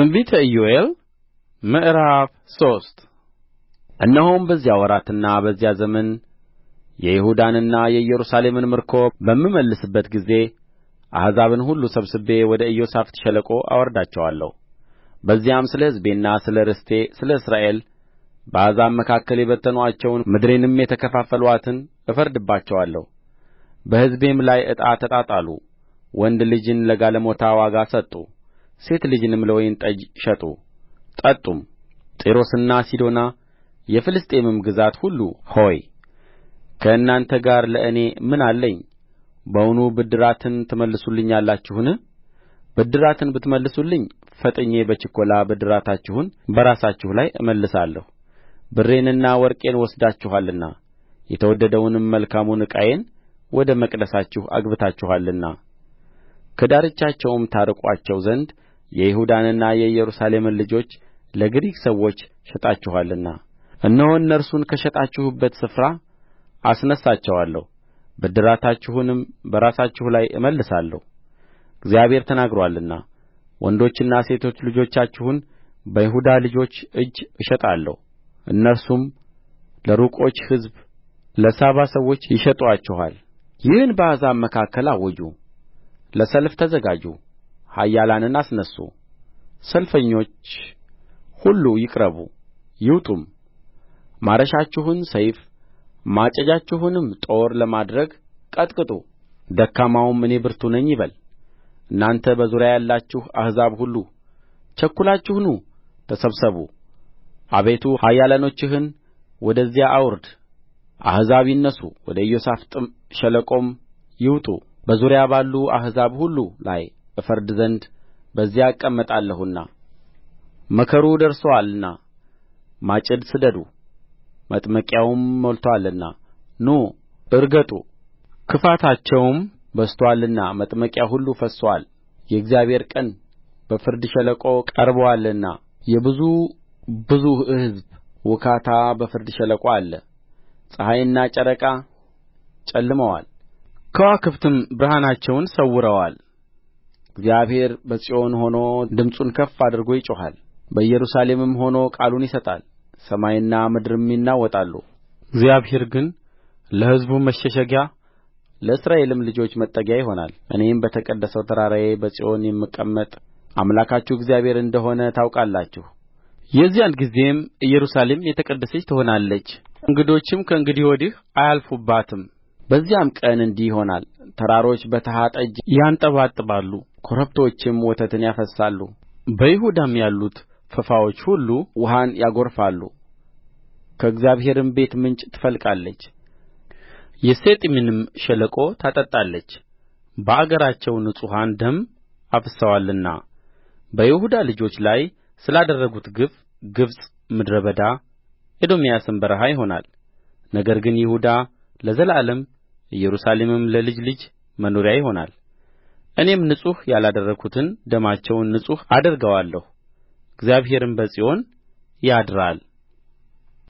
ትንቢተ ኢዮኤል ምዕራፍ ሶስት እነሆም በዚያ ወራትና በዚያ ዘመን የይሁዳንና የኢየሩሳሌምን ምርኮ በምመልስበት ጊዜ አሕዛብን ሁሉ ሰብስቤ ወደ ኢዮሣፍጥ ሸለቆ አወርዳቸዋለሁ በዚያም ስለ ሕዝቤና ስለ ርስቴ ስለ እስራኤል በአሕዛብ መካከል የበተኑአቸውን ምድሬንም የተከፋፈሉአትን እፈርድባቸዋለሁ በሕዝቤም ላይ ዕጣ ተጣጣሉ ወንድ ልጅን ለጋለሞታ ዋጋ ሰጡ ሴት ልጅንም ለወይን ጠጅ ሸጡ ጠጡም ጢሮስና ሲዶና የፍልስጥኤምም ግዛት ሁሉ ሆይ ከእናንተ ጋር ለእኔ ምን አለኝ በውኑ ብድራትን ትመልሱልኛላችሁን ብድራትን ብትመልሱልኝ ፈጥኜ በችኰላ ብድራታችሁን በራሳችሁ ላይ እመልሳለሁ ብሬንና ወርቄን ወስዳችኋልና የተወደደውንም መልካሙን ዕቃዬን ወደ መቅደሳችሁ አግብታችኋልና ከዳርቻቸውም ታርቁአቸው ዘንድ የይሁዳንና የኢየሩሳሌምን ልጆች ለግሪክ ሰዎች ሸጣችኋልና እነሆ እነርሱን ከሸጣችሁበት ስፍራ አስነሣቸዋለሁ ብድራታችሁንም በራሳችሁ ላይ እመልሳለሁ እግዚአብሔር ተናግሮአልና ወንዶችና ሴቶች ልጆቻችሁን በይሁዳ ልጆች እጅ እሸጣለሁ እነርሱም ለሩቆች ሕዝብ ለሳባ ሰዎች ይሸጡአችኋል ይህን በአሕዛብ መካከል አውጁ ለሰልፍ ተዘጋጁ ኃያላንን አስነሡ ሰልፈኞች ሁሉ ይቅረቡ ይውጡም ማረሻችሁን ሰይፍ ማጨጃችሁንም ጦር ለማድረግ ቀጥቅጡ ደካማውም እኔ ብርቱ ነኝ ይበል እናንተ በዙሪያ ያላችሁ አሕዛብ ሁሉ ቸኵላችሁ ኑ ተሰብሰቡ አቤቱ ኃያላኖችህን ወደዚያ አውርድ አሕዛብ ይነሡ ወደ ኢዮሣፍጥም ሸለቆም ይውጡ በዙሪያ ባሉ አሕዛብ ሁሉ ላይ እፈርድ ዘንድ በዚያ እቀመጣለሁና መከሩ ደርሶአልና ማጭድ ስደዱ መጥመቂያውም ሞልቶአልና ኑ እርገጡ ክፋታቸውም በዝቶአልና መጥመቂያ ሁሉ ፈስሶአል የእግዚአብሔር ቀን በፍርድ ሸለቆ ቀርቦአልና የብዙ ብዙ ሕዝብ ውካታ በፍርድ ሸለቆ አለ ፀሐይና ጨረቃ ጨልመዋል ከዋክብትም ብርሃናቸውን ሰውረዋል እግዚአብሔር በጽዮን ሆኖ ድምፁን ከፍ አድርጎ ይጮኻል በኢየሩሳሌምም ሆኖ ቃሉን ይሰጣል ሰማይና ምድርም ይናወጣሉ እግዚአብሔር ግን ለሕዝቡ መሸሸጊያ ለእስራኤልም ልጆች መጠጊያ ይሆናል እኔም በተቀደሰው ተራራዬ በጽዮን የምቀመጥ አምላካችሁ እግዚአብሔር እንደ ሆነ ታውቃላችሁ የዚያን ጊዜም ኢየሩሳሌም የተቀደሰች ትሆናለች እንግዶችም ከእንግዲህ ወዲህ አያልፉባትም በዚያም ቀን እንዲህ ይሆናል ተራሮች በተሃ ጠጅ ያንጠባጥባሉ ኮረብቶችም ወተትን ያፈስሳሉ በይሁዳም ያሉት ፈፋዎች ሁሉ ውኃን ያጐርፋሉ ከእግዚአብሔርም ቤት ምንጭ ትፈልቃለች የሰጢምንም ሸለቆ ታጠጣለች በአገራቸው ንጹሑን ደም አፍስሰዋልና በይሁዳ ልጆች ላይ ስላደረጉት ግፍ ግብጽ ምድረ በዳ ኤዶምያስም በረሃ ይሆናል ነገር ግን ይሁዳ ለዘላለም ኢየሩሳሌምም ለልጅ ልጅ መኖሪያ ይሆናል እኔም ንጹሕ ያላደረግሁትን ደማቸውን ንጹሕ አደርገዋለሁ እግዚአብሔርም በጽዮን ያድራል